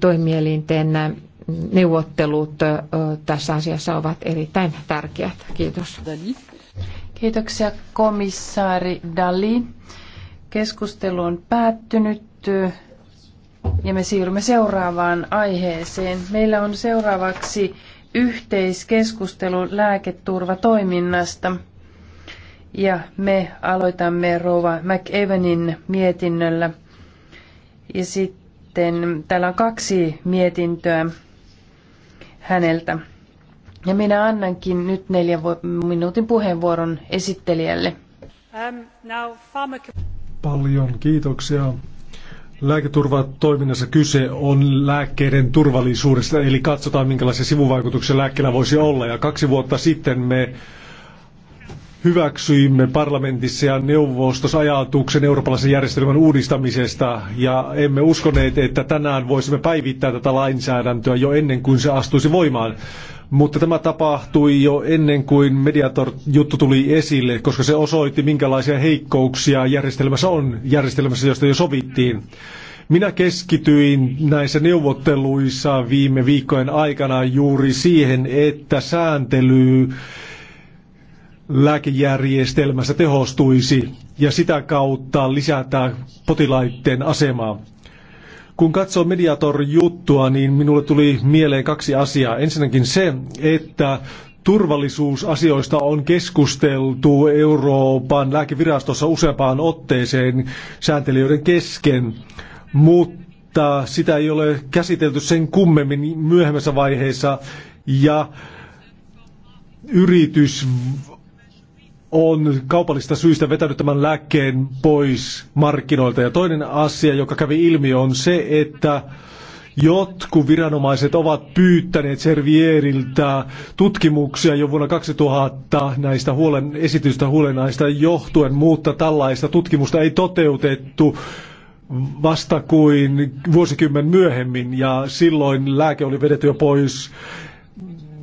toimielinten neuvottelut tässä asiassa ovat erittäin tärkeät. Kiitos. Kiitoksia komissaari Dali. Keskustelu on päättynyt ja me siirrymme seuraavaan aiheeseen. Meillä on seuraavaksi yhteiskeskustelu lääketurvatoiminnasta. Ja me aloitamme Rova McEvenin mietinnöllä. Ja sitten sitten täällä on kaksi mietintöä häneltä. Ja minä annankin nyt neljän minuutin puheenvuoron esittelijälle. Um, Paljon kiitoksia. Lääketurvatoiminnassa kyse on lääkkeiden turvallisuudesta, eli katsotaan minkälaisia sivuvaikutuksia lääkkeellä voisi olla. Ja kaksi vuotta sitten me hyväksyimme parlamentissa ja neuvostossa ajatuksen eurooppalaisen järjestelmän uudistamisesta ja emme uskoneet, että tänään voisimme päivittää tätä lainsäädäntöä jo ennen kuin se astuisi voimaan. Mutta tämä tapahtui jo ennen kuin Mediator-juttu tuli esille, koska se osoitti, minkälaisia heikkouksia järjestelmässä on, järjestelmässä, josta jo sovittiin. Minä keskityin näissä neuvotteluissa viime viikkojen aikana juuri siihen, että sääntely lääkejärjestelmässä tehostuisi ja sitä kautta lisätään potilaiden asemaa. Kun katsoo Mediator-juttua, niin minulle tuli mieleen kaksi asiaa. Ensinnäkin se, että turvallisuusasioista on keskusteltu Euroopan lääkevirastossa useampaan otteeseen sääntelijöiden kesken, mutta sitä ei ole käsitelty sen kummemmin myöhemmässä vaiheessa ja yritys on kaupallista syistä vetänyt tämän lääkkeen pois markkinoilta. Ja toinen asia, joka kävi ilmi, on se, että jotkut viranomaiset ovat pyytäneet Servieriltä tutkimuksia jo vuonna 2000 näistä huolen, esitystä huolenaista johtuen, mutta tällaista tutkimusta ei toteutettu vasta kuin vuosikymmen myöhemmin ja silloin lääke oli vedetty jo pois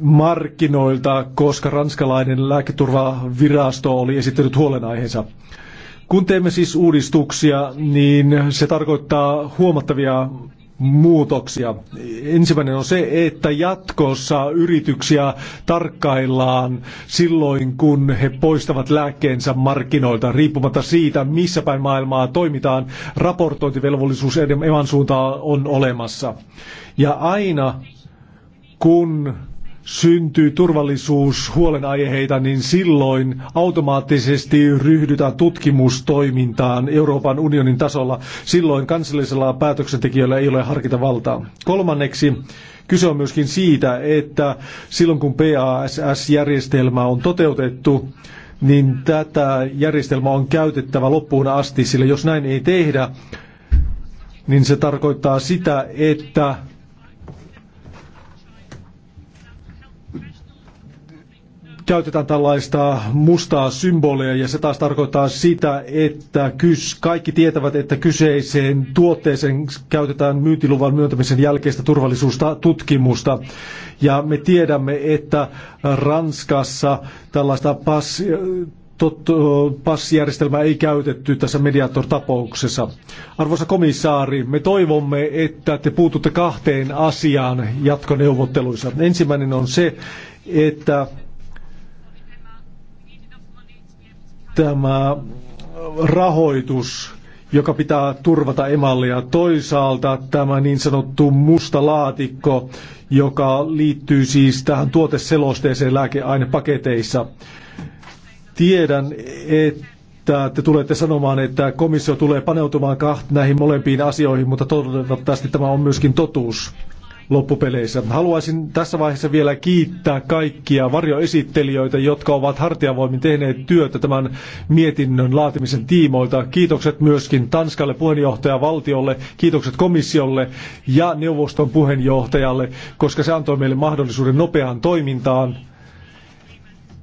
markkinoilta, koska ranskalainen lääketurvavirasto oli esittänyt huolenaiheensa. Kun teemme siis uudistuksia, niin se tarkoittaa huomattavia muutoksia. Ensimmäinen on se, että jatkossa yrityksiä tarkkaillaan silloin, kun he poistavat lääkkeensä markkinoilta, riippumatta siitä, missä päin maailmaa toimitaan. Raportointivelvollisuus evan suuntaan on olemassa. Ja aina kun syntyy turvallisuushuolenaiheita, niin silloin automaattisesti ryhdytään tutkimustoimintaan Euroopan unionin tasolla. Silloin kansallisella päätöksentekijöillä ei ole harkintavaltaa. Kolmanneksi kyse on myöskin siitä, että silloin kun PASS-järjestelmä on toteutettu, niin tätä järjestelmää on käytettävä loppuun asti, sillä jos näin ei tehdä, niin se tarkoittaa sitä, että käytetään tällaista mustaa symbolia ja se taas tarkoittaa sitä, että kys, kaikki tietävät, että kyseiseen tuotteeseen käytetään myyntiluvan myöntämisen jälkeistä turvallisuustutkimusta. Ja me tiedämme, että Ranskassa tällaista pass, passijärjestelmää ei käytetty tässä mediator-tapauksessa. Arvoisa komissaari, me toivomme, että te puututte kahteen asiaan jatkoneuvotteluissa. Ensimmäinen on se, että tämä rahoitus, joka pitää turvata emallia. ja toisaalta tämä niin sanottu musta laatikko, joka liittyy siis tähän tuoteselosteeseen lääkeainepaketeissa. Tiedän, että te tulette sanomaan, että komissio tulee paneutumaan näihin molempiin asioihin, mutta toivottavasti tämä on myöskin totuus loppupeleissä. Haluaisin tässä vaiheessa vielä kiittää kaikkia varjoesittelijöitä, jotka ovat hartiavoimin tehneet työtä tämän mietinnön laatimisen tiimoilta. Kiitokset myöskin Tanskalle puheenjohtajavaltiolle, kiitokset komissiolle ja neuvoston puheenjohtajalle, koska se antoi meille mahdollisuuden nopeaan toimintaan.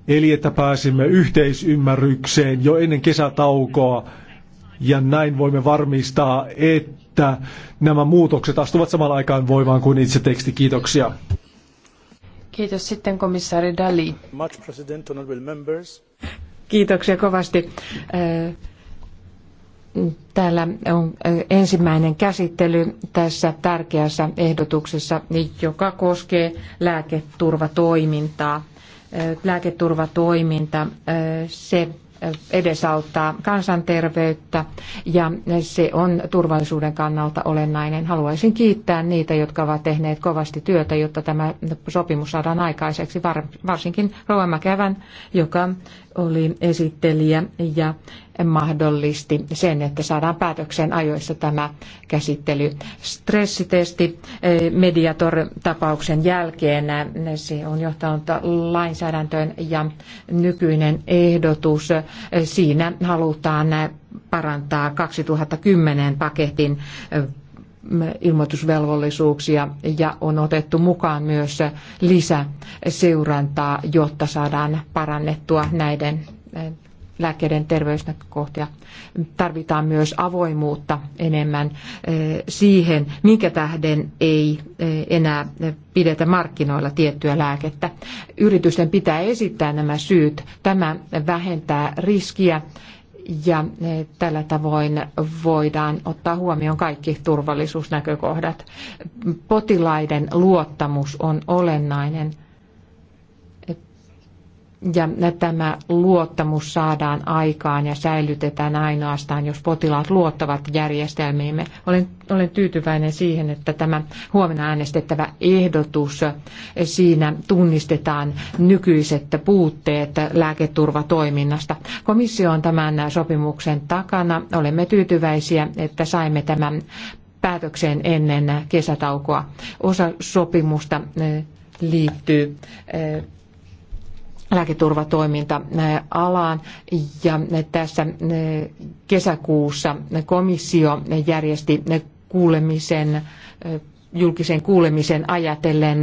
Eli että pääsimme yhteisymmärrykseen jo ennen kesätaukoa ja näin voimme varmistaa, että että nämä muutokset astuvat samaan aikaan voimaan kuin itse teksti. Kiitoksia. Kiitos sitten komissaari Dali. Kiitoksia kovasti. Täällä on ensimmäinen käsittely tässä tärkeässä ehdotuksessa, joka koskee lääketurvatoimintaa. Lääketurvatoiminta, se edesauttaa kansanterveyttä ja se on turvallisuuden kannalta olennainen. Haluaisin kiittää niitä, jotka ovat tehneet kovasti työtä, jotta tämä sopimus saadaan aikaiseksi, varsinkin Rova Mäkevän, joka oli esittelijä ja mahdollisti sen, että saadaan päätökseen ajoissa tämä käsittely. Stressitesti eh, Mediator-tapauksen jälkeen eh, se on johtanut lainsäädäntöön ja nykyinen ehdotus. Eh, siinä halutaan parantaa 2010 paketin ilmoitusvelvollisuuksia ja on otettu mukaan myös lisäseurantaa, jotta saadaan parannettua näiden lääkkeiden terveysnäkökohtia. Tarvitaan myös avoimuutta enemmän eh, siihen, minkä tähden ei eh, enää pidetä markkinoilla tiettyä lääkettä. Yritysten pitää esittää nämä syyt. Tämä vähentää riskiä ja eh, tällä tavoin voidaan ottaa huomioon kaikki turvallisuusnäkökohdat. Potilaiden luottamus on olennainen ja tämä luottamus saadaan aikaan ja säilytetään ainoastaan, jos potilaat luottavat järjestelmiimme. Olen, olen tyytyväinen siihen, että tämä huomenna äänestettävä ehdotus, siinä tunnistetaan nykyiset puutteet lääketurvatoiminnasta. Komissio on tämän sopimuksen takana. Olemme tyytyväisiä, että saimme tämän päätökseen ennen kesätaukoa. Osa sopimusta eh, liittyy eh, lääketurvatoiminta alaan ja tässä kesäkuussa komissio järjesti kuulemisen julkisen kuulemisen ajatellen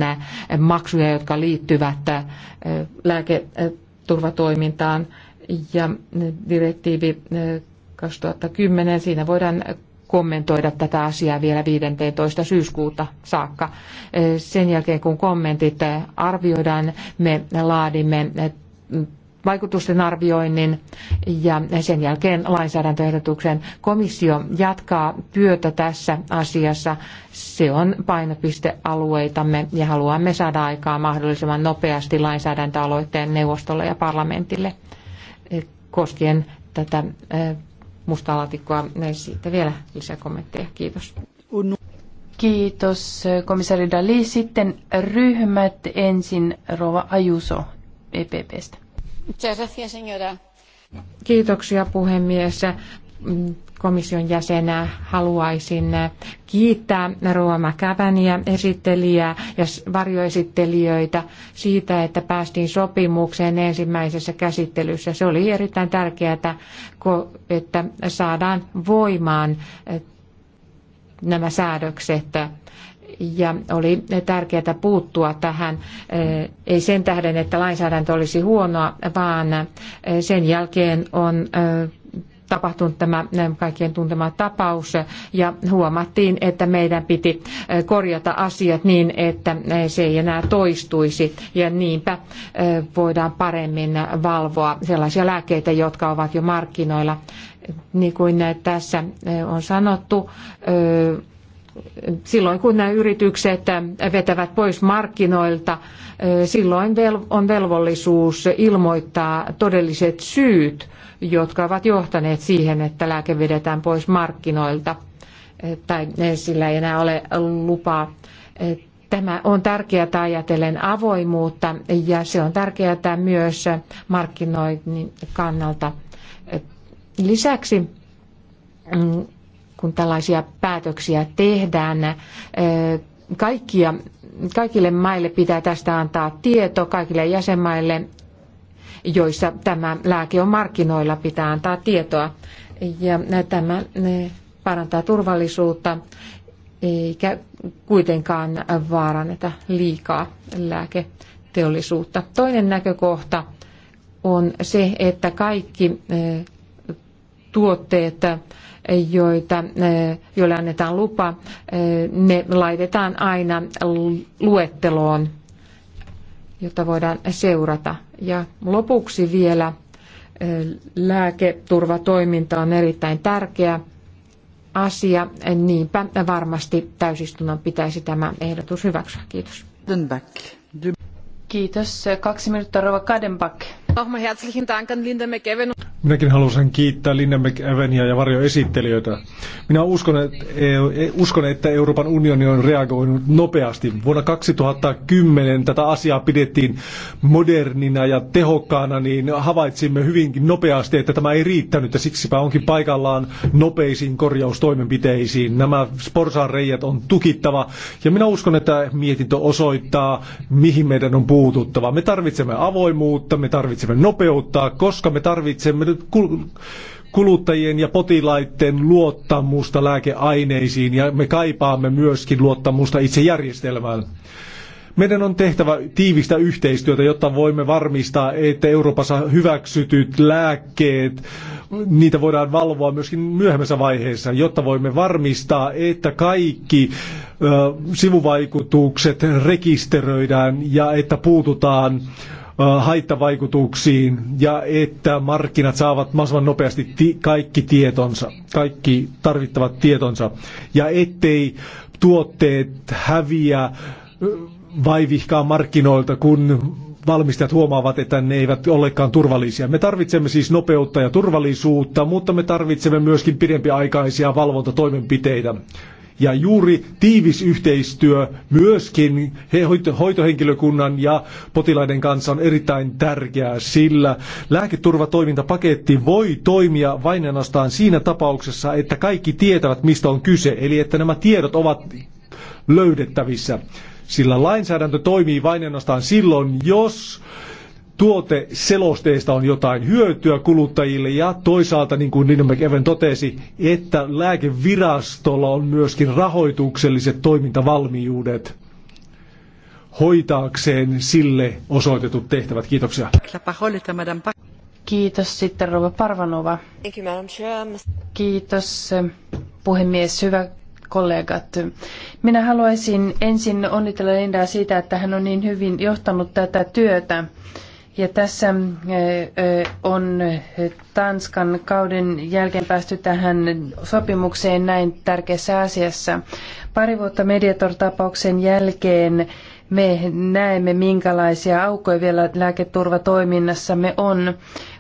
maksuja, jotka liittyvät lääketurvatoimintaan ja direktiivi 2010. Siinä voidaan kommentoida tätä asiaa vielä 15. syyskuuta saakka. Sen jälkeen kun kommentit arvioidaan, me laadimme vaikutusten arvioinnin ja sen jälkeen lainsäädäntöehdotuksen. Komissio jatkaa työtä tässä asiassa. Se on painopistealueitamme ja haluamme saada aikaa mahdollisimman nopeasti lainsäädäntöaloitteen neuvostolle ja parlamentille koskien tätä mustaa laatikkoa. Siitä vielä kommentteja. Kiitos. Kiitos komissaari Dali. Sitten ryhmät ensin Rova Ajuso EPPstä. Kiitoksia puhemies komission jäsenä haluaisin kiittää Rova Mäkäväniä, esittelijää ja varjoesittelijöitä siitä, että päästiin sopimukseen ensimmäisessä käsittelyssä. Se oli erittäin tärkeää, että saadaan voimaan eh, nämä säädökset ja oli tärkeää puuttua tähän, eh, ei sen tähden, että lainsäädäntö olisi huonoa, vaan eh, sen jälkeen on tapahtunut tämä kaikkien tuntema tapaus ja huomattiin, että meidän piti eh, korjata asiat niin, että eh, se ei enää toistuisi ja niinpä eh, voidaan paremmin valvoa sellaisia lääkkeitä, jotka ovat jo markkinoilla. Niin kuin tässä on sanottu, silloin kun nämä yritykset vetävät pois markkinoilta, silloin on velvollisuus ilmoittaa todelliset syyt, jotka ovat johtaneet siihen, että lääke vedetään pois markkinoilta tai sillä ei enää ole lupaa. Tämä on tärkeää ajatellen avoimuutta ja se on tärkeää myös markkinoinnin kannalta. Lisäksi kun tällaisia päätöksiä tehdään. Kaikkia, kaikille maille pitää tästä antaa tieto, kaikille jäsenmaille, joissa tämä lääke on markkinoilla, pitää antaa tietoa. Ja tämä parantaa turvallisuutta eikä kuitenkaan vaaranneta liikaa lääketeollisuutta. Toinen näkökohta on se, että kaikki tuotteet joita, eh, joille annetaan lupa, eh, ne laitetaan aina luetteloon, jota voidaan seurata. Ja lopuksi vielä eh, lääketurvatoiminta on erittäin tärkeä asia. Niinpä varmasti täysistunnon pitäisi tämä ehdotus hyväksyä. Kiitos. Kiitos. Kaksi minuuttia, Rova Kadenbach. Nochmal herzlichen Dank an Linda McEwen. Minäkin haluaisin kiittää Linda McEvenia ja varjoesittelijöitä. Minä uskon että, e- uskon, että Euroopan unioni on reagoinut nopeasti. Vuonna 2010 tätä asiaa pidettiin modernina ja tehokkaana, niin havaitsimme hyvinkin nopeasti, että tämä ei riittänyt ja siksipä onkin paikallaan nopeisiin korjaustoimenpiteisiin. Nämä porsaanreijät on tukittava ja minä uskon, että mietintö osoittaa, mihin meidän on puututtava. Me tarvitsemme avoimuutta, me tarvitsemme nopeutta, koska me tarvitsemme nyt kuluttajien ja potilaiden luottamusta lääkeaineisiin ja me kaipaamme myöskin luottamusta itse järjestelmään. Meidän on tehtävä tiivistä yhteistyötä, jotta voimme varmistaa, että Euroopassa hyväksytyt lääkkeet, niitä voidaan valvoa myöskin myöhemmässä vaiheessa, jotta voimme varmistaa, että kaikki ö, sivuvaikutukset rekisteröidään ja että puututaan haittavaikutuksiin ja että markkinat saavat mahdollisimman nopeasti kaikki tietonsa, kaikki tarvittavat tietonsa ja ettei tuotteet häviä vaivihkaa markkinoilta, kun valmistajat huomaavat, että ne eivät olekaan turvallisia. Me tarvitsemme siis nopeutta ja turvallisuutta, mutta me tarvitsemme myöskin pidempiaikaisia valvontatoimenpiteitä. Ja juuri tiivis yhteistyö myöskin hoitohenkilökunnan ja potilaiden kanssa on erittäin tärkeää, sillä lääketurvatoimintapaketti voi toimia vain ainoastaan siinä tapauksessa, että kaikki tietävät, mistä on kyse, eli että nämä tiedot ovat löydettävissä. Sillä lainsäädäntö toimii vain ainoastaan silloin, jos tuoteselosteista on jotain hyötyä kuluttajille ja toisaalta, niin kuin Nino McEwen totesi, että lääkevirastolla on myöskin rahoitukselliset toimintavalmiudet hoitaakseen sille osoitetut tehtävät. Kiitoksia. Kiitos sitten Rova Parvanova. Kiitos puhemies. Hyvä kollegat. Minä haluaisin ensin onnitella Lindaa siitä, että hän on niin hyvin johtanut tätä työtä. Ja tässä on Tanskan kauden jälkeen päästy tähän sopimukseen näin tärkeässä asiassa. Pari vuotta Mediator-tapauksen jälkeen me näemme, minkälaisia aukkoja vielä lääketurvatoiminnassamme on.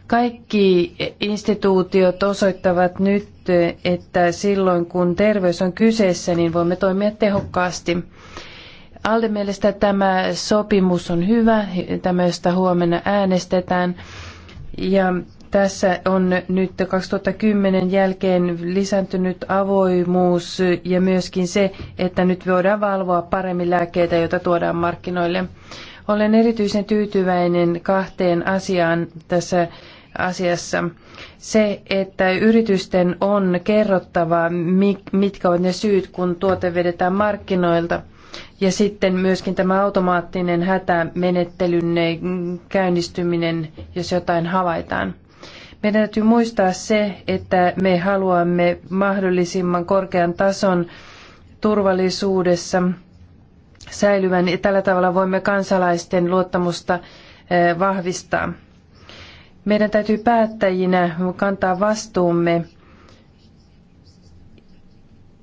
Kaikki instituutiot osoittavat nyt, että silloin kun terveys on kyseessä, niin voimme toimia tehokkaasti. Alden mielestä tämä sopimus on hyvä, tämä josta huomenna äänestetään. Ja tässä on nyt 2010 jälkeen lisääntynyt avoimuus ja myöskin se, että nyt voidaan valvoa paremmin lääkkeitä, joita tuodaan markkinoille. Olen erityisen tyytyväinen kahteen asiaan tässä asiassa. Se, että yritysten on kerrottava, mitkä ovat ne syyt, kun tuote vedetään markkinoilta – ja sitten myöskin tämä automaattinen hätämenettelyn käynnistyminen, jos jotain havaitaan. Meidän täytyy muistaa se, että me haluamme mahdollisimman korkean tason turvallisuudessa säilyvän. Tällä tavalla voimme kansalaisten luottamusta eh, vahvistaa. Meidän täytyy päättäjinä kantaa vastuumme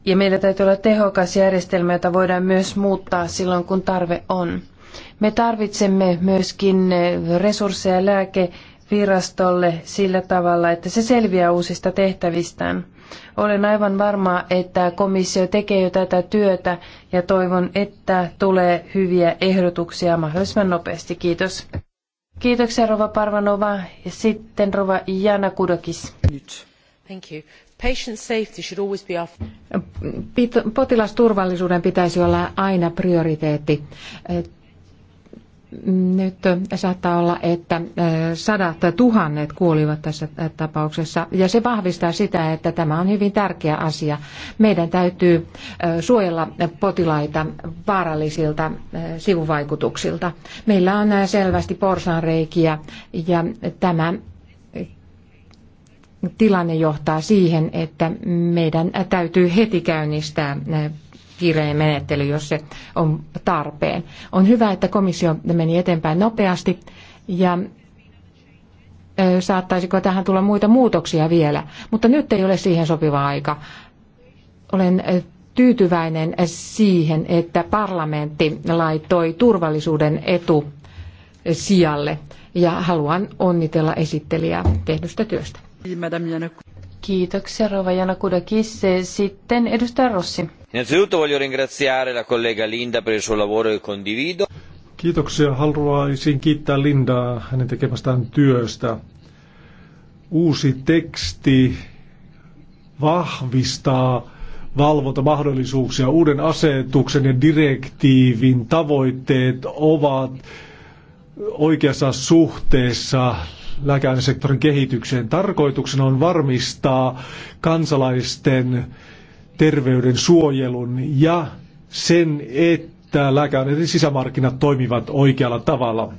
ja meillä täytyy olla tehokas järjestelmä, jota voidaan myös muuttaa silloin, kun tarve on. Me tarvitsemme myöskin eh, resursseja lääkevirastolle sillä tavalla, että se selviää uusista tehtävistään. Olen aivan varma, että komissio tekee jo tätä työtä ja toivon, että tulee hyviä ehdotuksia mahdollisimman nopeasti. Kiitos. Kiitoksia Rova Parvanova ja sitten Rova Jana Kudokis. Thank you. Potilasturvallisuuden pitäisi olla aina prioriteetti. Nyt saattaa olla, että sadat tuhannet kuolivat tässä tapauksessa ja se vahvistaa sitä, että tämä on hyvin tärkeä asia. Meidän täytyy suojella potilaita vaarallisilta sivuvaikutuksilta. Meillä on selvästi porsaanreikiä ja tämä tilanne johtaa siihen, että meidän täytyy heti käynnistää äh, kiireen menettely, jos se on tarpeen. On hyvä, että komissio meni eteenpäin nopeasti ja äh, saattaisiko tähän tulla muita muutoksia vielä, mutta nyt ei ole siihen sopiva aika. Olen äh, tyytyväinen siihen, että parlamentti laittoi turvallisuuden etu sijalle ja haluan onnitella esittelijää tehdystä työstä. Kiitoksia Rova Janakudakis. Sitten edustaja Rossi. Innanzitutto voglio ringraziare la collega Linda per il suo lavoro che condivido. Kiitoksia. Haluaisin kiittää Lindaa hänen tekemästään työstä. Uusi teksti vahvistaa valvontamahdollisuuksia. Uuden asetuksen ja direktiivin tavoitteet ovat oikeassa suhteessa lääkeainesektorin kehitykseen. Tarkoituksena on varmistaa kansalaisten terveyden suojelun ja sen, että lääkeaineiden sisämarkkinat toimivat oikealla tavalla.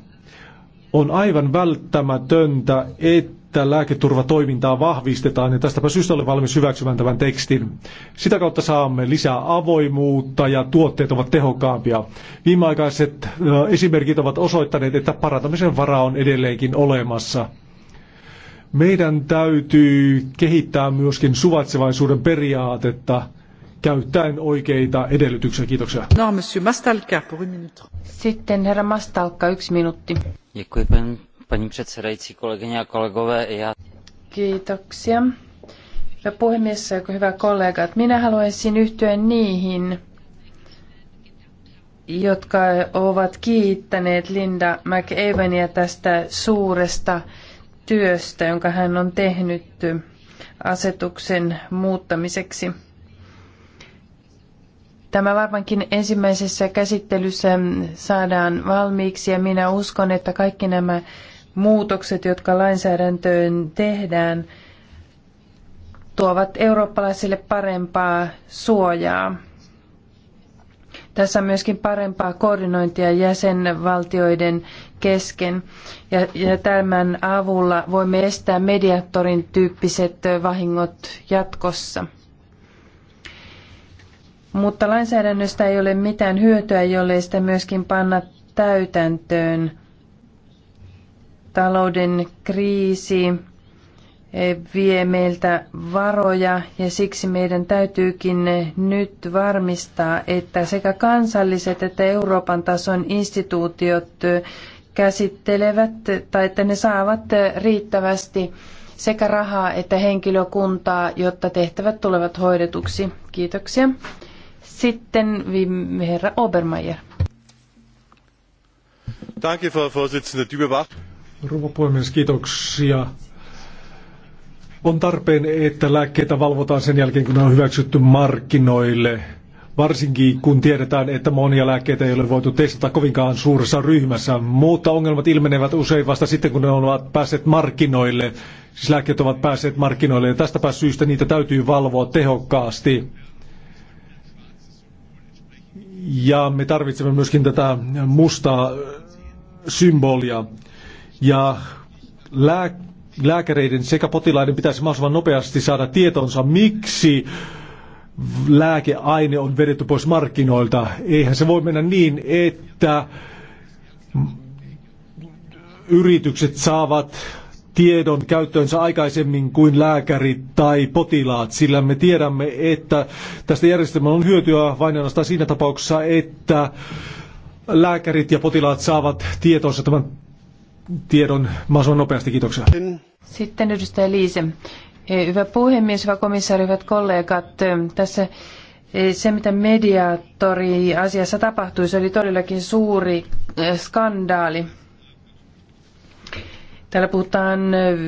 On aivan välttämätöntä, että että lääketurvatoimintaa vahvistetaan ja tästäpä syystä olen valmis hyväksymään tämän tekstin. Sitä kautta saamme lisää avoimuutta ja tuotteet ovat tehokkaampia. Viimeaikaiset esimerkit ovat osoittaneet, että parantamisen varaa on edelleenkin olemassa. Meidän täytyy kehittää myöskin suvatsevaisuuden periaatetta käyttäen oikeita edellytyksiä. Kiitoksia. No, monsieur Mastalka, pour une minute. Sitten herra Mastalka, yksi minuutti paní předsedající, kolegyně a kolegové, ja... Kiitoksia. Hyvä puhemies ja hyvä kollegat, minä haluaisin yhtyä niihin, jotka ovat kiittäneet Linda McEvania tästä suuresta työstä, jonka hän on tehnyt asetuksen muuttamiseksi. Tämä varmaankin ensimmäisessä käsittelyssä saadaan valmiiksi ja minä uskon, että kaikki nämä muutokset, jotka lainsäädäntöön tehdään, tuovat eurooppalaisille parempaa suojaa. Tässä on myöskin parempaa koordinointia jäsenvaltioiden kesken ja, ja tämän avulla voimme estää mediatorin tyyppiset vahingot jatkossa. Mutta lainsäädännöstä ei ole mitään hyötyä, jollei sitä myöskin panna täytäntöön talouden kriisi eh, vie meiltä varoja ja siksi meidän täytyykin nyt varmistaa, että sekä kansalliset että Euroopan tason instituutiot eh, käsittelevät tai että ne saavat eh, riittävästi sekä rahaa että henkilökuntaa, jotta tehtävät tulevat hoidetuksi. Kiitoksia. Sitten herra Obermeier. Danke, Frau Vorsitzende. Die Überwachung Rouva puhemies, kiitoksia. On tarpeen, että lääkkeitä valvotaan sen jälkeen, kun ne on hyväksytty markkinoille. Varsinkin kun tiedetään, että monia lääkkeitä ei ole voitu testata kovinkaan suuressa ryhmässä, mutta ongelmat ilmenevät usein vasta sitten, kun ne ovat päässeet markkinoille. Siis lääkkeet ovat päässeet markkinoille ja tästä syystä niitä täytyy valvoa tehokkaasti. Ja me tarvitsemme myöskin tätä mustaa symbolia ja lääkäreiden sekä potilaiden pitäisi mahdollisimman nopeasti saada tietonsa, miksi lääkeaine on vedetty pois markkinoilta. Eihän se voi mennä niin, että yritykset saavat tiedon käyttöönsä aikaisemmin kuin lääkärit tai potilaat, sillä me tiedämme, että tästä järjestelmällä on hyötyä vain ainoastaan siinä tapauksessa, että lääkärit ja potilaat saavat tietonsa tämän tiedon mahdollisimman nopeasti. Kiitoksia. Sitten edustaja Liise. Eh, hyvä puhemies, hyvä komissaari, hyvät kollegat. Eh, tässä eh, se, mitä mediatori asiassa tapahtui, se oli todellakin suuri skandaali. Täällä puhutaan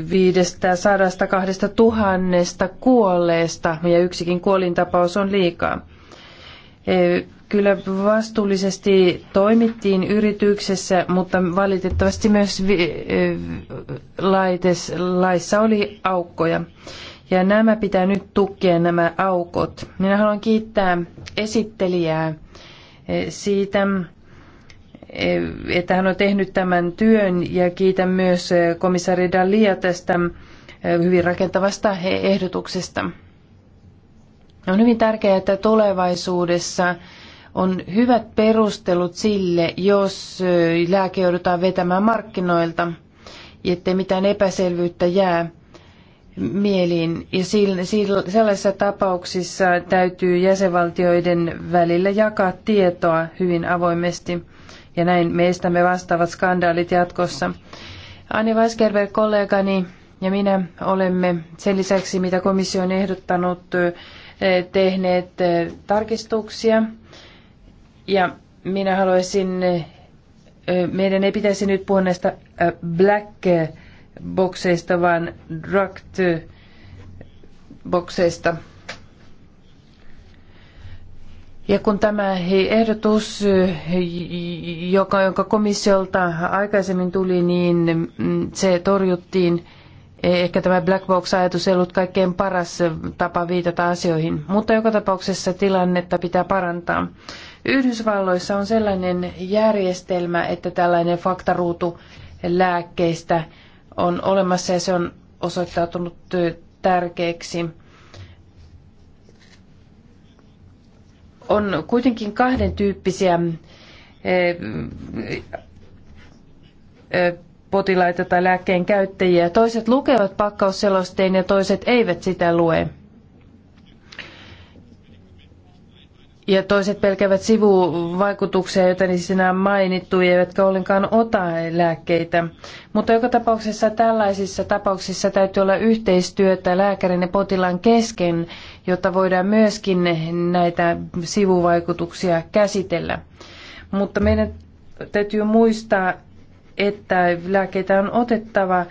viidestä sadasta kahdesta tuhannesta kuolleesta ja yksikin kuolintapaus on liikaa kyllä vastuullisesti toimittiin yrityksessä, mutta valitettavasti myös laites, laissa oli aukkoja. Ja nämä pitää nyt tukkia nämä aukot. Minä haluan kiittää esittelijää siitä, että hän on tehnyt tämän työn ja kiitän myös komissaari Dalia tästä hyvin rakentavasta ehdotuksesta. On hyvin tärkeää, että tulevaisuudessa on hyvät perustelut sille, jos lääke joudutaan vetämään markkinoilta, ettei mitään epäselvyyttä jää mieliin. Ja sellaisissa tapauksissa täytyy jäsenvaltioiden välillä jakaa tietoa hyvin avoimesti. Ja näin me estämme vastaavat skandaalit jatkossa. Anni Weisgerber, kollegani ja minä olemme sen lisäksi, mitä komissio on ehdottanut, tehneet tarkistuksia ja minä haluaisin, meidän ei pitäisi nyt puhua näistä black bokseista, vaan drugged bokseista. Ja kun tämä ehdotus, joka, jonka komissiolta aikaisemmin tuli, niin mm, se torjuttiin. Ehkä tämä black box-ajatus ei ollut kaikkein paras tapa viitata asioihin, mutta joka tapauksessa tilannetta pitää parantaa. Yhdysvalloissa on sellainen järjestelmä, että tällainen faktaruutu lääkkeistä on olemassa ja se on osoittautunut tärkeäksi. On kuitenkin kahden tyyppisiä potilaita tai lääkkeen käyttäjiä. Toiset lukevat pakkausselosteen ja toiset eivät sitä lue. ja toiset pelkävät sivuvaikutuksia, joita siis enää mainittu, eivätkä ollenkaan ota lääkkeitä. Mutta joka tapauksessa tällaisissa tapauksissa täytyy olla yhteistyötä lääkärin ja potilaan kesken, jotta voidaan myöskin näitä sivuvaikutuksia käsitellä. Mutta meidän täytyy muistaa, että lääkkeitä on otettava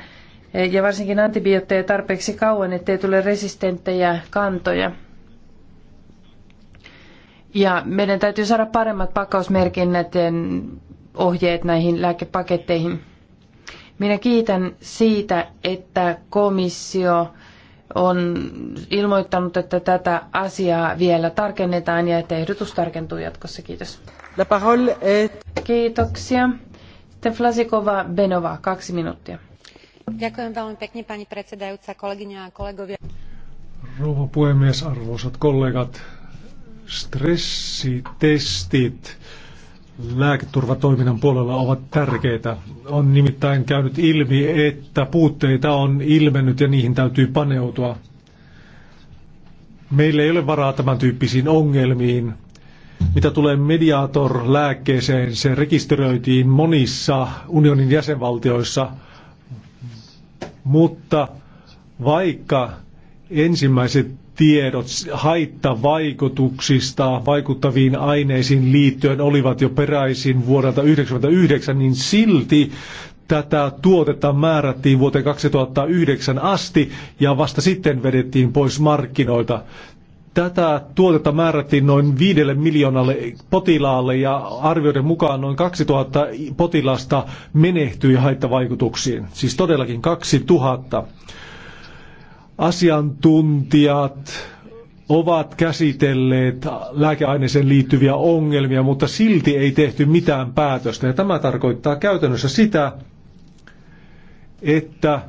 ja varsinkin antibiootteja tarpeeksi kauan, ettei tule resistenttejä kantoja. Ja meidän täytyy saada paremmat pakkausmerkinnät ja ohjeet näihin lääkepaketteihin. Minä kiitän siitä, että komissio on ilmoittanut, että tätä asiaa vielä tarkennetaan ja että ehdotus tarkentuu jatkossa. Kiitos. La parole est... Kiitoksia. Sitten Flasikova Benova, kaksi minuuttia. Ďakujem veľmi pekne, pani predsedajúca, kolegyňa a Rouva puhemies, arvoisat kollegat, stressitestit lääketurvatoiminnan puolella ovat tärkeitä. On nimittäin käynyt ilmi, että puutteita on ilmennyt ja niihin täytyy paneutua. Meillä ei ole varaa tämän tyyppisiin ongelmiin. Mitä tulee Mediator-lääkkeeseen, se rekisteröitiin monissa unionin jäsenvaltioissa, mutta vaikka ensimmäiset tiedot haittavaikutuksista vaikuttaviin aineisiin liittyen olivat jo peräisin vuodelta 1999, niin silti tätä tuotetta määrättiin vuoteen 2009 asti ja vasta sitten vedettiin pois markkinoilta. Tätä tuotetta määrättiin noin viidelle miljoonalle potilaalle ja arvioiden mukaan noin 2000 potilasta menehtyi haittavaikutuksiin. Siis todellakin 2000 asiantuntijat ovat käsitelleet lääkeaineeseen liittyviä ongelmia, mutta silti ei tehty mitään päätöstä. Ja tämä tarkoittaa käytännössä sitä, että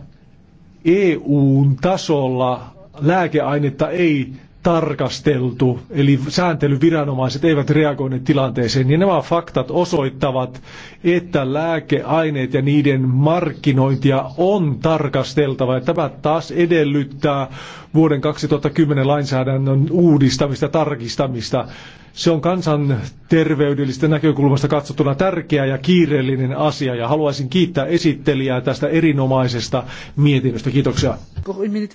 EUn tasolla lääkeainetta ei tarkasteltu, eli sääntelyviranomaiset eivät reagoineet tilanteeseen, niin nämä faktat osoittavat, että lääkeaineet ja niiden markkinointia on tarkasteltava. Ja tämä taas edellyttää vuoden 2010 lainsäädännön uudistamista ja tarkistamista. Se on kansanterveydellisestä näkökulmasta katsottuna tärkeä ja kiireellinen asia ja haluaisin kiittää esittelijää tästä erinomaisesta mietinnöstä. Kiitoksia. Pour une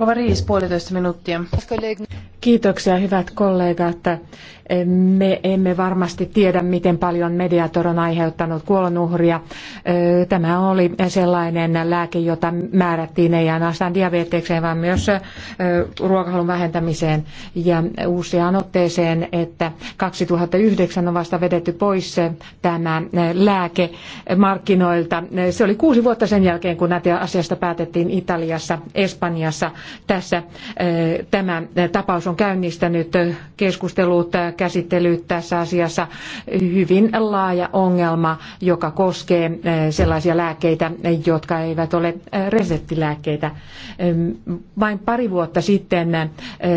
Rova Riis, puolitoista minuuttia. Kiitoksia, hyvät kollegat. Me emme varmasti tiedä, miten paljon mediator on aiheuttanut kuolonuhria. Tämä oli sellainen lääke, jota määrättiin ei ainoastaan diabetekseen, vaan myös ruokahalun vähentämiseen ja useaan otteeseen, että 2009 on vasta vedetty pois tämä lääke markkinoilta. Se oli kuusi vuotta sen jälkeen, kun näitä asiasta päätettiin Italiassa, Espanjassa tässä äh, tämä tapaus on käynnistänyt äh, keskustelut, äh, käsittelyt tässä asiassa hyvin laaja ongelma, joka koskee sellaisia lääkkeitä, jotka eivät ole reseptilääkkeitä. Ähm, vain pari vuotta sitten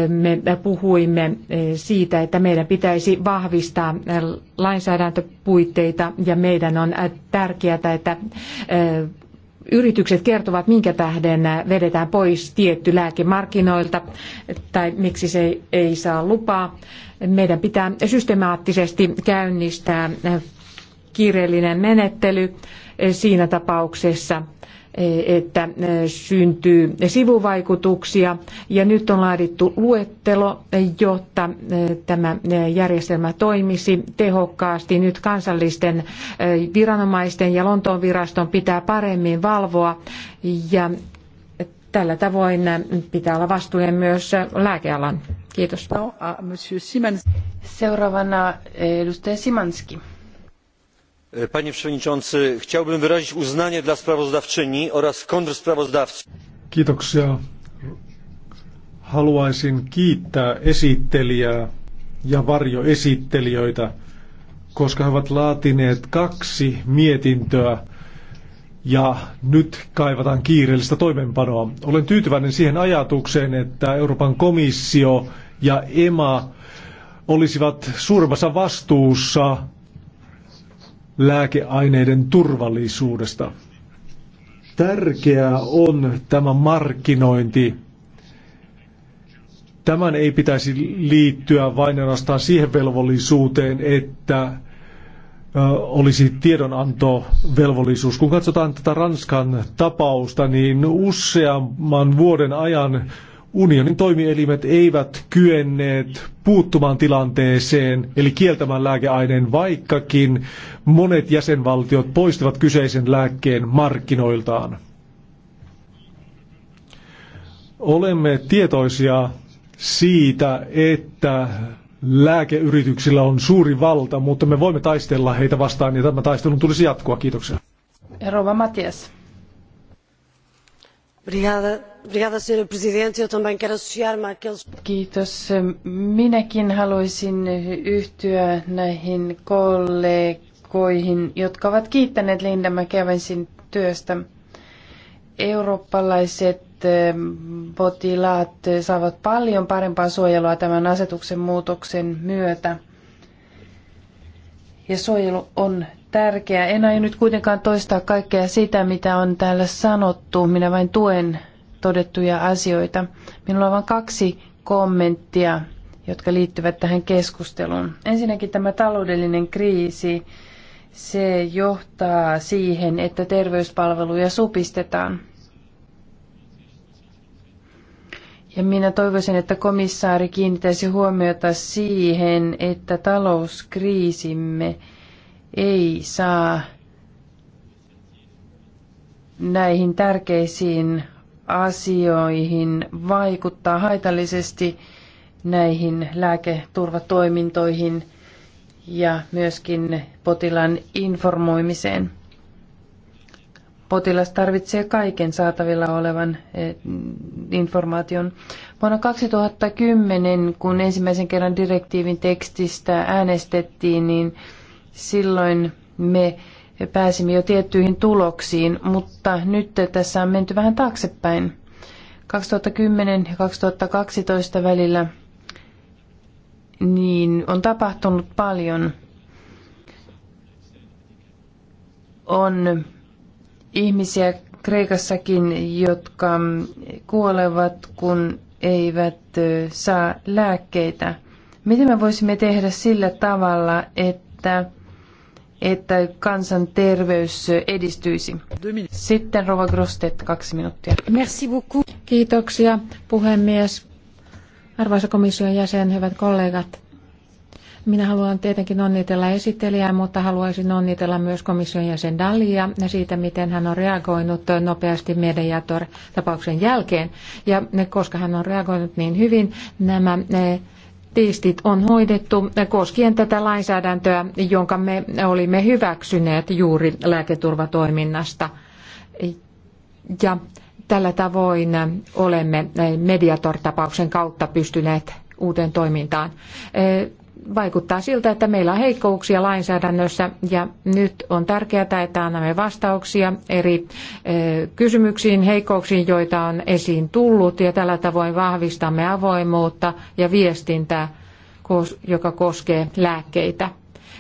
me puhuimme siitä, että meidän pitäisi vahvistaa lainsäädäntöpuitteita ja meidän on tärkeää, että yritykset kertovat, minkä tähden vedetään pois tietty lääke markkinoilta tai miksi se ei saa lupaa. Meidän pitää systemaattisesti käynnistää kiireellinen menettely siinä tapauksessa, että syntyy sivuvaikutuksia. Ja nyt on laadittu luettelo, jotta tämä järjestelmä toimisi tehokkaasti. Nyt kansallisten viranomaisten ja Lontoon viraston pitää paremmin valvoa ja tällä tavoin pitää olla vastuullinen myös lääkealan. Kiitos. No, Seuraavana edustaja Simanski. E, panie przewodniczący! chciałbym wyrazić uznanie dla sprawozdawczyni oraz kontrsprawozdawcy. kiitoksia. haluaisin kiittää esittelijää ja varjoesittelijöitä koska he ovat laatineet kaksi mietintöä ja nyt kaivataan kiireellistä toimeenpanoa. Olen tyytyväinen siihen ajatukseen, että Euroopan komissio ja EMA olisivat suuremmassa vastuussa lääkeaineiden turvallisuudesta. Tärkeää on tämä markkinointi. Tämän ei pitäisi liittyä vain ainoastaan siihen velvollisuuteen, että olisi tiedonantovelvollisuus. Kun katsotaan tätä Ranskan tapausta, niin useamman vuoden ajan unionin toimielimet eivät kyenneet puuttumaan tilanteeseen, eli kieltämään lääkeaineen, vaikkakin monet jäsenvaltiot poistivat kyseisen lääkkeen markkinoiltaan. Olemme tietoisia siitä, että lääkeyrityksillä on suuri valta, mutta me voimme taistella heitä vastaan ja tämän taistelun tulisi jatkua. Kiitoksia. Rova Matias. Kiitos. Minäkin haluaisin yhtyä näihin kollegoihin, jotka ovat kiittäneet Linda McEvensin työstä. Eurooppalaiset ähm, potilaat saavat paljon parempaa suojelua tämän asetuksen muutoksen myötä. Ja suojelu on tärkeä. En aio nyt kuitenkaan toistaa kaikkea sitä, mitä on täällä sanottu. Minä vain tuen todettuja asioita. Minulla on vain kaksi kommenttia, jotka liittyvät tähän keskusteluun. Ensinnäkin tämä taloudellinen kriisi, se johtaa siihen, että terveyspalveluja supistetaan. Ja minä toivoisin, että komissaari kiinnittäisi huomiota siihen, että talouskriisimme – ei saa näihin tärkeisiin asioihin vaikuttaa haitallisesti näihin lääketurvatoimintoihin ja myöskin potilaan informoimiseen. Potilas tarvitsee kaiken saatavilla olevan eh, informaation. Vuonna 2010, kun ensimmäisen kerran direktiivin tekstistä äänestettiin, niin silloin me pääsimme jo tiettyihin tuloksiin, mutta nyt tässä on menty vähän taaksepäin. 2010 ja 2012 välillä niin on tapahtunut paljon. On ihmisiä Kreikassakin, jotka kuolevat, kun eivät saa lääkkeitä. Miten me voisimme tehdä sillä tavalla, että että kansanterveys edistyisi. Sitten Rova Grostet, kaksi minuuttia. Merci beaucoup. Kiitoksia puhemies. Arvoisa komission jäsen, hyvät kollegat. Minä haluan tietenkin onnitella esittelijää, mutta haluaisin onnitella myös komission jäsen Dalia siitä, miten hän on reagoinut nopeasti Mediator-tapauksen jälkeen. Ja koska hän on reagoinut niin hyvin, nämä testit on hoidettu koskien tätä lainsäädäntöä, jonka me olimme hyväksyneet juuri lääketurvatoiminnasta. Ja tällä tavoin olemme mediator-tapauksen kautta pystyneet uuteen toimintaan vaikuttaa siltä, että meillä on heikkouksia lainsäädännössä ja nyt on tärkeää, että annamme vastauksia eri kysymyksiin, heikkouksiin, joita on esiin tullut ja tällä tavoin vahvistamme avoimuutta ja viestintää, joka koskee lääkkeitä.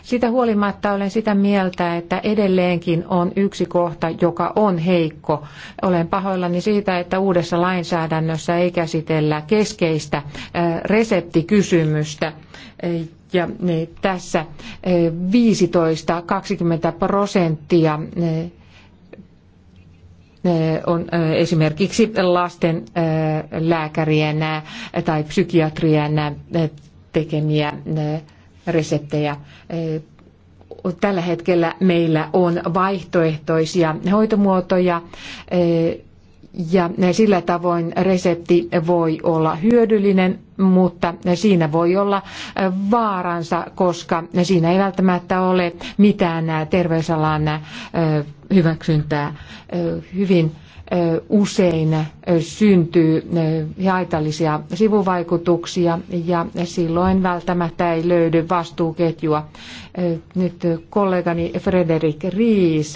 Sitä huolimatta olen sitä mieltä, että edelleenkin on yksi kohta, joka on heikko. Olen pahoillani siitä, että uudessa lainsäädännössä ei käsitellä keskeistä reseptikysymystä. Ja niin, tässä 15-20 prosenttia on esimerkiksi lasten lääkärien tai psykiatrien tekemiä reseptejä. E, tällä hetkellä meillä on vaihtoehtoisia hoitomuotoja e, ja sillä tavoin resepti voi olla hyödyllinen, mutta siinä voi olla vaaransa, koska siinä ei välttämättä ole mitään terveysalan e, hyväksyntää hyvin usein syntyy haitallisia sivuvaikutuksia ja silloin välttämättä ei löydy vastuuketjua. Nyt kollegani Frederik Riis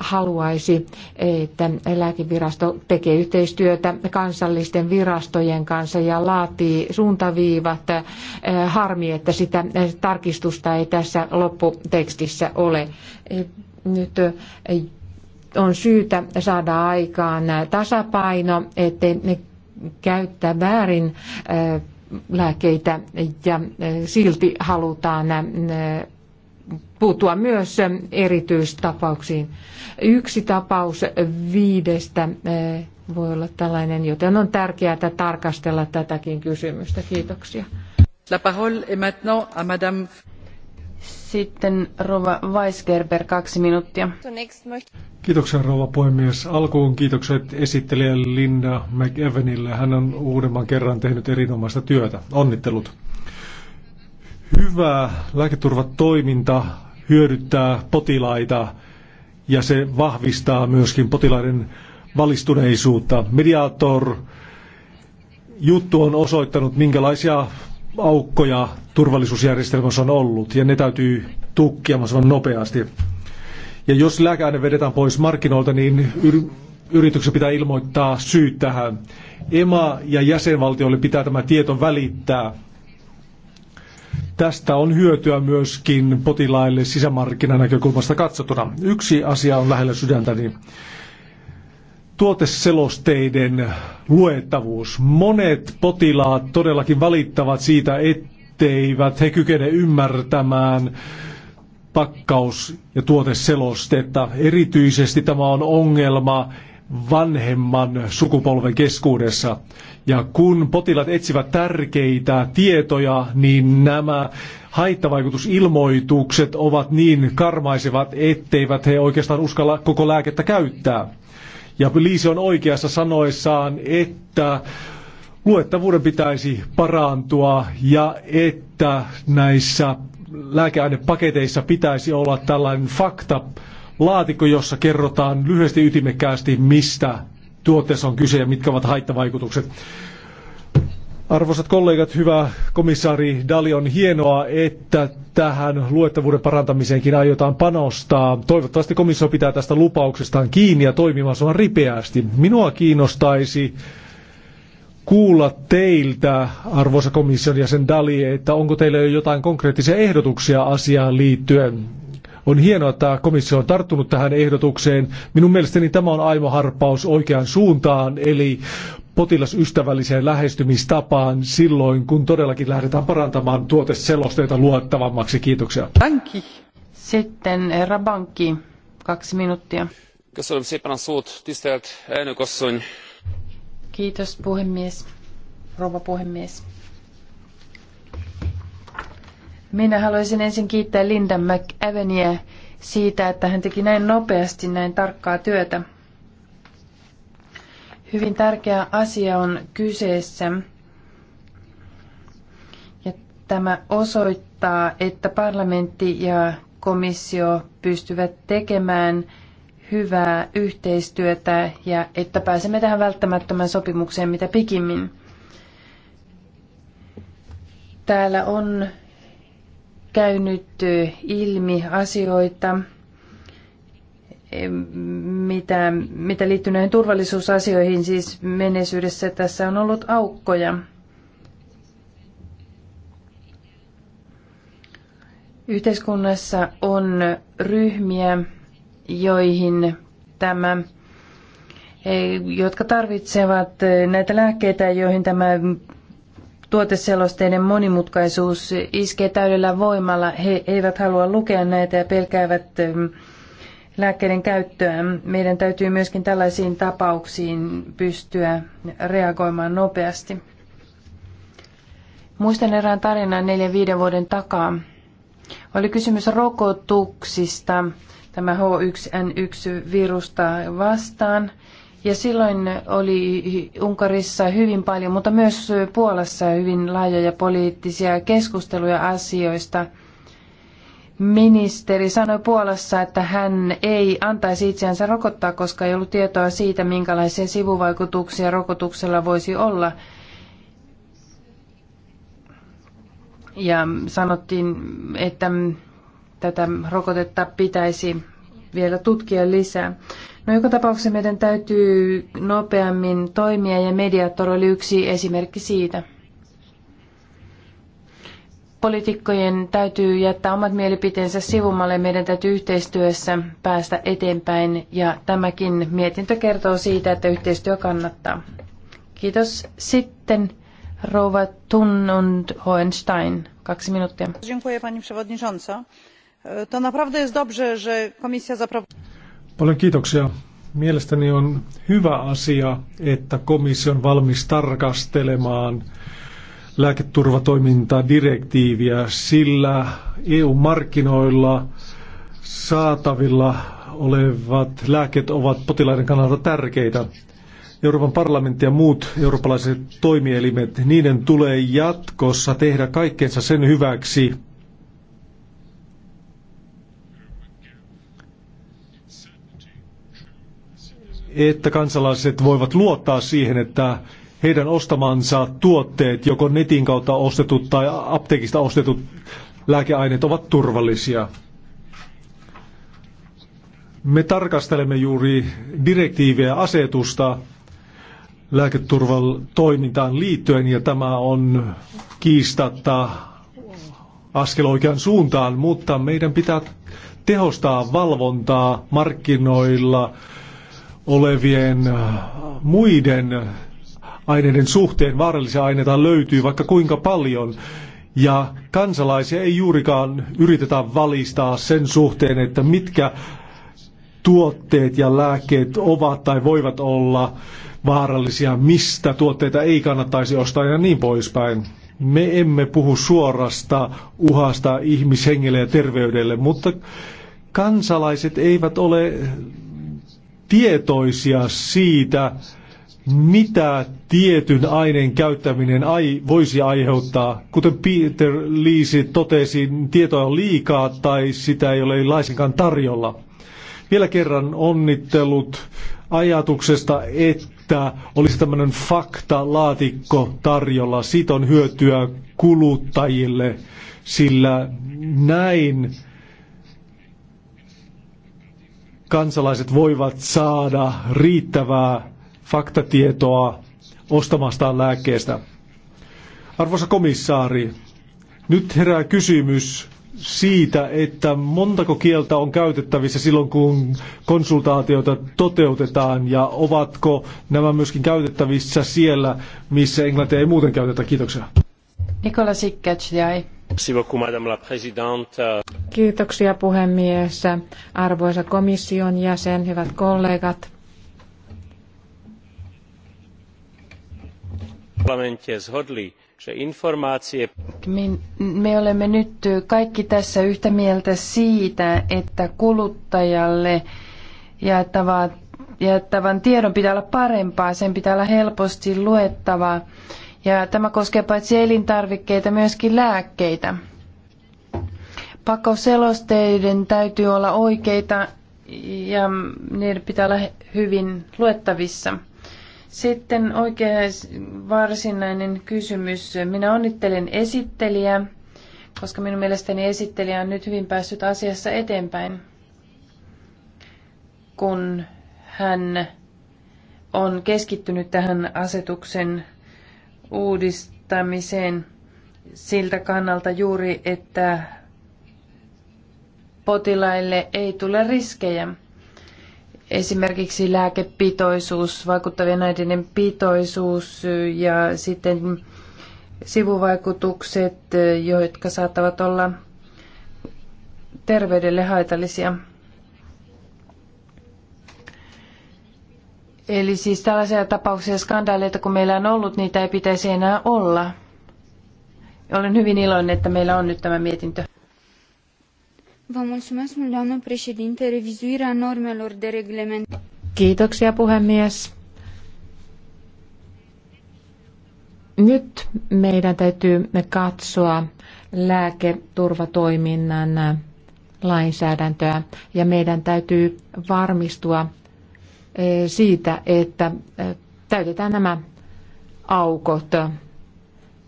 haluaisi, että lääkevirasto tekee yhteistyötä kansallisten virastojen kanssa ja laatii suuntaviivat. Harmi, että sitä tarkistusta ei tässä lopputekstissä ole nyt on syytä saada aikaan tasapaino, ettei ne käyttää väärin äh, lääkkeitä ja äh, silti halutaan äh, puuttua myös erityistapauksiin. Yksi tapaus viidestä voi olla tällainen, joten on tärkeää tarkastella tätäkin kysymystä. Kiitoksia. La parole est maintenant à madame sitten Rova Weisgerber, kaksi minuuttia. Kiitoksia rouva puhemies. Alkuun kiitokset esittelijä Linda McEvenille. Hän on uudemman kerran tehnyt erinomaista työtä. Onnittelut. Hyvä lääketurvatoiminta hyödyttää potilaita ja se vahvistaa myöskin potilaiden valistuneisuutta. Mediator juttu on osoittanut, minkälaisia aukkoja turvallisuusjärjestelmässä on ollut, ja ne täytyy tukkia mahdollisimman nopeasti. Ja jos lääkeaine vedetään pois markkinoilta, niin yr- yrityksen pitää ilmoittaa syyt tähän. EMA ja jäsenvaltioille pitää tämä tieto välittää. Tästä on hyötyä myöskin potilaille sisämarkkinan näkökulmasta katsottuna. Yksi asia on lähellä sydäntäni. Niin tuoteselosteiden luettavuus. Monet potilaat todellakin valittavat siitä, etteivät he kykene ymmärtämään pakkaus- ja tuoteselostetta. Erityisesti tämä on ongelma vanhemman sukupolven keskuudessa. Ja kun potilaat etsivät tärkeitä tietoja, niin nämä haittavaikutusilmoitukset ovat niin karmaisevat, etteivät he oikeastaan uskalla koko lääkettä käyttää. Ja Liisi on oikeassa sanoissaan, että luettavuuden pitäisi parantua ja että näissä lääkeainepaketeissa pitäisi olla tällainen fakta laatikko, jossa kerrotaan lyhyesti ytimekkäästi, mistä tuotteessa on kyse ja mitkä ovat haittavaikutukset. Arvoisat kollegat, hyvä komissaari Dali, on hienoa, että tähän luettavuuden parantamiseenkin aiotaan panostaa. Toivottavasti komissio pitää tästä lupauksestaan kiinni ja toimimaan ripeästi. Minua kiinnostaisi kuulla teiltä, arvoisa komission jäsen Dali, että onko teillä jo jotain konkreettisia ehdotuksia asiaan liittyen. On hienoa, että komissio on tarttunut tähän ehdotukseen. Minun mielestäni tämä on aimo harppaus oikeaan suuntaan, eli potilasystävälliseen lähestymistapaan silloin, kun todellakin lähdetään parantamaan tuoteselosteita luottavammaksi. Kiitoksia. Pankki. Sitten herra eh, kaksi minuuttia. Kiitos puhemies, rouva puhemies. Minä haluaisin ensin kiittää Linda McAvenia siitä, että hän teki näin nopeasti näin tarkkaa työtä. Hyvin tärkeä asia on kyseessä. Ja tämä osoittaa, että parlamentti ja komissio pystyvät tekemään hyvää yhteistyötä ja että pääsemme tähän välttämättömään sopimukseen mitä pikimmin. Täällä on käynyt ilmi asioita, mitä, mitä liittyy näihin turvallisuusasioihin, siis menneisyydessä tässä on ollut aukkoja. Yhteiskunnassa on ryhmiä, joihin tämä, e, jotka tarvitsevat näitä lääkkeitä, joihin tämä tuoteselosteiden monimutkaisuus iskee täydellä voimalla. He eivät halua lukea näitä ja pelkäävät lääkkeiden käyttöä. Meidän täytyy myöskin tällaisiin tapauksiin pystyä reagoimaan nopeasti. Muistan erään tarinan neljän viiden vuoden takaa. Oli kysymys rokotuksista tämä H1N1-virusta vastaan. Ja silloin oli Unkarissa hyvin paljon, mutta myös Puolassa hyvin laajoja poliittisia keskusteluja asioista – ministeri sanoi Puolassa, että hän ei antaisi itseänsä rokottaa, koska ei ollut tietoa siitä, minkälaisia sivuvaikutuksia rokotuksella voisi olla. Ja sanottiin, että tätä rokotetta pitäisi vielä tutkia lisää. No joka tapauksessa meidän täytyy nopeammin toimia ja Mediator oli yksi esimerkki siitä poliitikkojen täytyy jättää omat mielipiteensä sivumalle. Meidän täytyy yhteistyössä päästä eteenpäin ja tämäkin mietintö kertoo siitä, että yhteistyö kannattaa. Kiitos. Sitten rouva Tunnund Hohenstein. Kaksi minuuttia. To dobrze, komisja Paljon kiitoksia. Mielestäni on hyvä asia, että komissio on valmis tarkastelemaan lääketurvatoimintadirektiiviä, sillä EU-markkinoilla saatavilla olevat lääket ovat potilaiden kannalta tärkeitä. Euroopan parlamentti ja muut eurooppalaiset toimielimet, niiden tulee jatkossa tehdä kaikkensa sen hyväksi, että kansalaiset voivat luottaa siihen, että heidän ostamansa tuotteet, joko netin kautta ostetut tai apteekista ostetut lääkeaineet ovat turvallisia. Me tarkastelemme juuri direktiiviä asetusta lääketurvatoimintaan liittyen ja tämä on kiistatta askel oikeaan suuntaan, mutta meidän pitää tehostaa valvontaa markkinoilla olevien muiden aineiden suhteen. Vaarallisia aineita löytyy vaikka kuinka paljon. Ja kansalaisia ei juurikaan yritetä valistaa sen suhteen, että mitkä tuotteet ja lääkkeet ovat tai voivat olla vaarallisia, mistä tuotteita ei kannattaisi ostaa ja niin poispäin. Me emme puhu suorasta uhasta ihmishengelle ja terveydelle, mutta kansalaiset eivät ole tietoisia siitä, mitä tietyn aineen käyttäminen ai, voisi aiheuttaa, kuten Peter Liisi totesi, tietoa on liikaa tai sitä ei ole laisinkaan tarjolla. Vielä kerran onnittelut ajatuksesta, että olisi tämmöinen faktalaatikko tarjolla. Siitä on hyötyä kuluttajille, sillä näin kansalaiset voivat saada riittävää faktatietoa ostamastaan lääkkeestä. Arvoisa komissaari, nyt herää kysymys siitä, että montako kieltä on käytettävissä silloin, kun konsultaatioita toteutetaan, ja ovatko nämä myöskin käytettävissä siellä, missä englantia ei muuten käytetä. Kiitoksia. Nikola Sikketsjai. Kiitoksia puhemies, arvoisa komission jäsen, hyvät kollegat. parlamente zhodli, že informácie... Me olemme nyt kaikki tässä yhtä mieltä siitä, että kuluttajalle jaettavan tiedon pitää olla parempaa, sen pitää olla helposti luettavaa. Ja tämä koskee paitsi elintarvikkeita, myöskin lääkkeitä. Pakoselosteiden täytyy olla oikeita ja niiden pitää olla hyvin luettavissa. Sitten oikein varsinainen kysymys. Minä onnittelen esittelijää, koska minun mielestäni esittelijä on nyt hyvin päässyt asiassa eteenpäin, kun hän on keskittynyt tähän asetuksen uudistamiseen siltä kannalta juuri, että potilaille ei tule riskejä esimerkiksi lääkepitoisuus, vaikuttavien aineiden pitoisuus ja sitten sivuvaikutukset, jotka saattavat olla terveydelle haitallisia. Eli siis tällaisia tapauksia ja skandaaleita, kun meillä on ollut, niitä ei pitäisi enää olla. Olen hyvin iloinen, että meillä on nyt tämä mietintö. Revizuirea normelor de reglementare. Kiitoksia puhemies. Nyt meidän täytyy katsoa lääketurvatoiminnan lainsäädäntöä ja meidän täytyy varmistua eh, siitä, että eh, täytetään nämä aukot.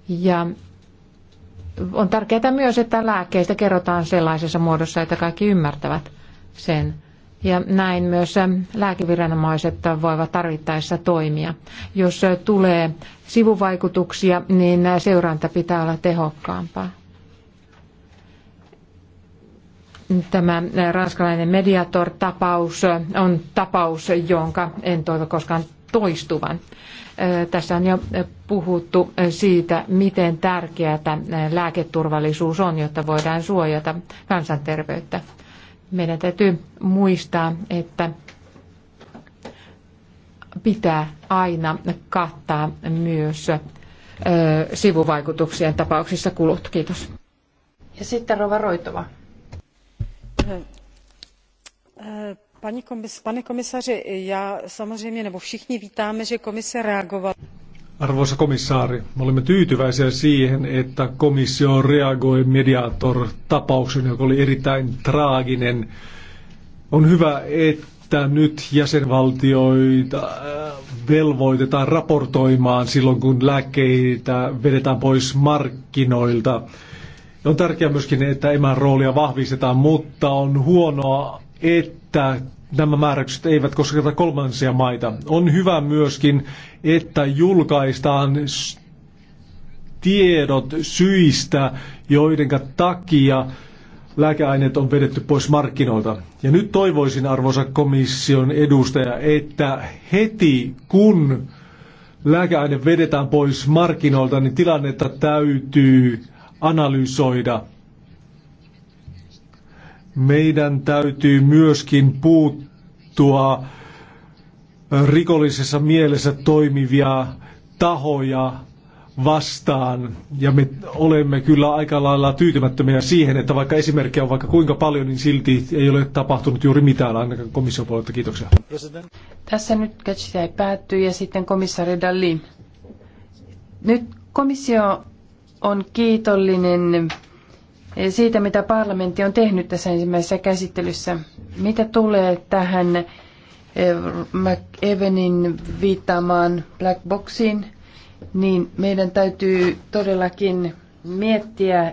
Ja on tärkeää myös, että lääkkeistä kerrotaan sellaisessa muodossa, että kaikki ymmärtävät sen. Ja näin myös ähm, lääkeviranomaiset voivat tarvittaessa toimia. Jos äh, tulee sivuvaikutuksia, niin äh, seuranta pitää olla tehokkaampaa. Tämä äh, ranskalainen mediator-tapaus on tapaus, jonka en toivo koskaan toistuvan. Tässä on jo puhuttu siitä, miten tärkeää lääketurvallisuus on, jotta voidaan suojata kansanterveyttä. Meidän täytyy muistaa, että pitää aina kattaa myös sivuvaikutuksien tapauksissa kulut. Kiitos. Ja sitten Rova Roitova. Äh, pane komisaři já samozřejmě nebo všichni vítáme že komise reagovala. Arvoisa komissaari, me olemme tyytyväisiä siihen, että komissio reagoi Mediator-tapauksen, joka oli erittäin traaginen. On hyvä, että nyt jäsenvaltioita äh, velvoitetaan raportoimaan silloin, kun lääkkeitä vedetään pois markkinoilta. On tärkeää myöskin, että emän roolia vahvistetaan, mutta on huonoa, että että nämä määräykset eivät kosketa kolmansia maita. On hyvä myöskin, että julkaistaan tiedot syistä, joiden takia lääkeaineet on vedetty pois markkinoilta. Ja nyt toivoisin, arvoisa komission edustaja, että heti kun lääkeaine vedetään pois markkinoilta, niin tilannetta täytyy analysoida – meidän täytyy myöskin puuttua rikollisessa mielessä toimivia tahoja vastaan. Ja me olemme kyllä aika lailla tyytymättömiä siihen, että vaikka esimerkkejä on vaikka kuinka paljon, niin silti ei ole tapahtunut juuri mitään ainakaan komission puolelta. Kiitoksia. Tässä nyt ei päättyy ja sitten komissaari Dalli. Nyt komissio on kiitollinen siitä, mitä parlamentti on tehnyt tässä ensimmäisessä käsittelyssä. Mitä tulee tähän eh, McEvenin viittaamaan black boxiin, niin meidän täytyy todellakin miettiä,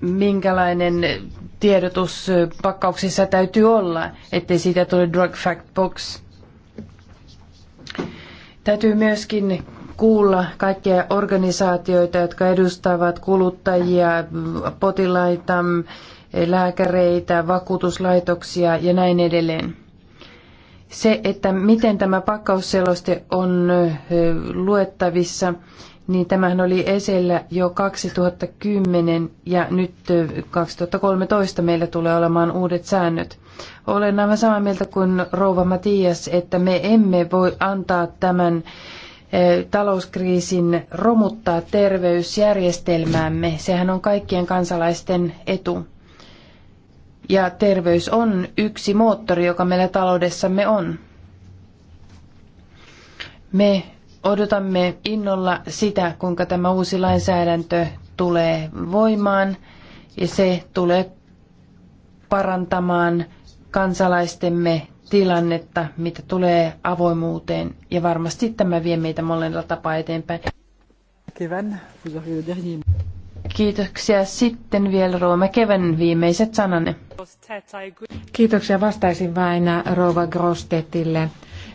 minkälainen tiedotus pakkauksissa täytyy olla, ettei siitä tule drug fact box. Täytyy myöskin kuulla kaikkia organisaatioita, jotka edustavat kuluttajia, potilaita, lääkäreitä, vakuutuslaitoksia ja näin edelleen. Se, että miten tämä pakkausseloste on luettavissa, niin tämähän oli esillä jo 2010 ja nyt 2013 meillä tulee olemaan uudet säännöt. Olen aivan samaa mieltä kuin rouva Matias, että me emme voi antaa tämän talouskriisin romuttaa terveysjärjestelmäämme. Sehän on kaikkien kansalaisten etu. Ja terveys on yksi moottori, joka meillä taloudessamme on. Me odotamme innolla sitä, kuinka tämä uusi lainsäädäntö tulee voimaan ja se tulee parantamaan kansalaistemme tilannetta, mitä tulee avoimuuteen, ja varmasti tämä vie meitä molemmilla tapaa eteenpäin. Kevän, Kiitoksia. Sitten vielä Rooma Kevän viimeiset sananne. Kiitoksia. Vastaisin vain Rova Grostetille.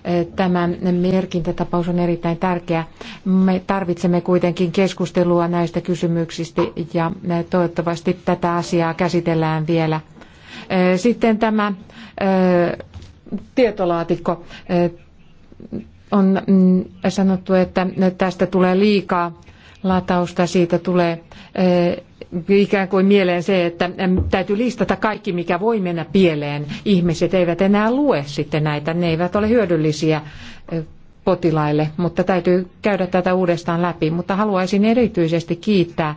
Eh, tämä merkintätapaus on erittäin tärkeä. Me tarvitsemme kuitenkin keskustelua näistä kysymyksistä ja eh, toivottavasti tätä asiaa käsitellään vielä. Eh, sitten tämä tietolaatikko. Eh, on mm, sanottu, että tästä tulee liikaa latausta, siitä tulee eh, ikään kuin mieleen se, että täytyy listata kaikki, mikä voi mennä pieleen. Ihmiset eivät enää lue sitten näitä, ne eivät ole hyödyllisiä eh, potilaille, mutta täytyy käydä tätä uudestaan läpi. Mutta haluaisin erityisesti kiittää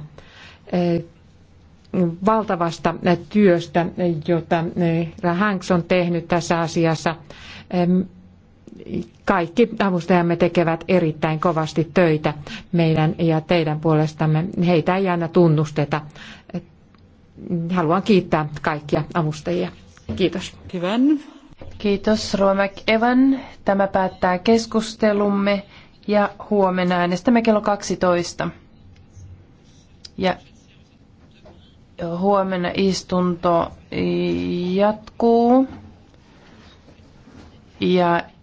valtavasta työstä, jota eh, Hanks on tehnyt tässä asiassa. Kaikki avustajamme tekevät erittäin kovasti töitä meidän ja teidän puolestamme. Heitä ei aina tunnusteta. Haluan kiittää kaikkia avustajia. Kiitos. Hyvän. Kiitos Ruomek Evan. Tämä päättää keskustelumme ja huomenna äänestämme kello 12. Ja Huomenna istunto jatkuu ja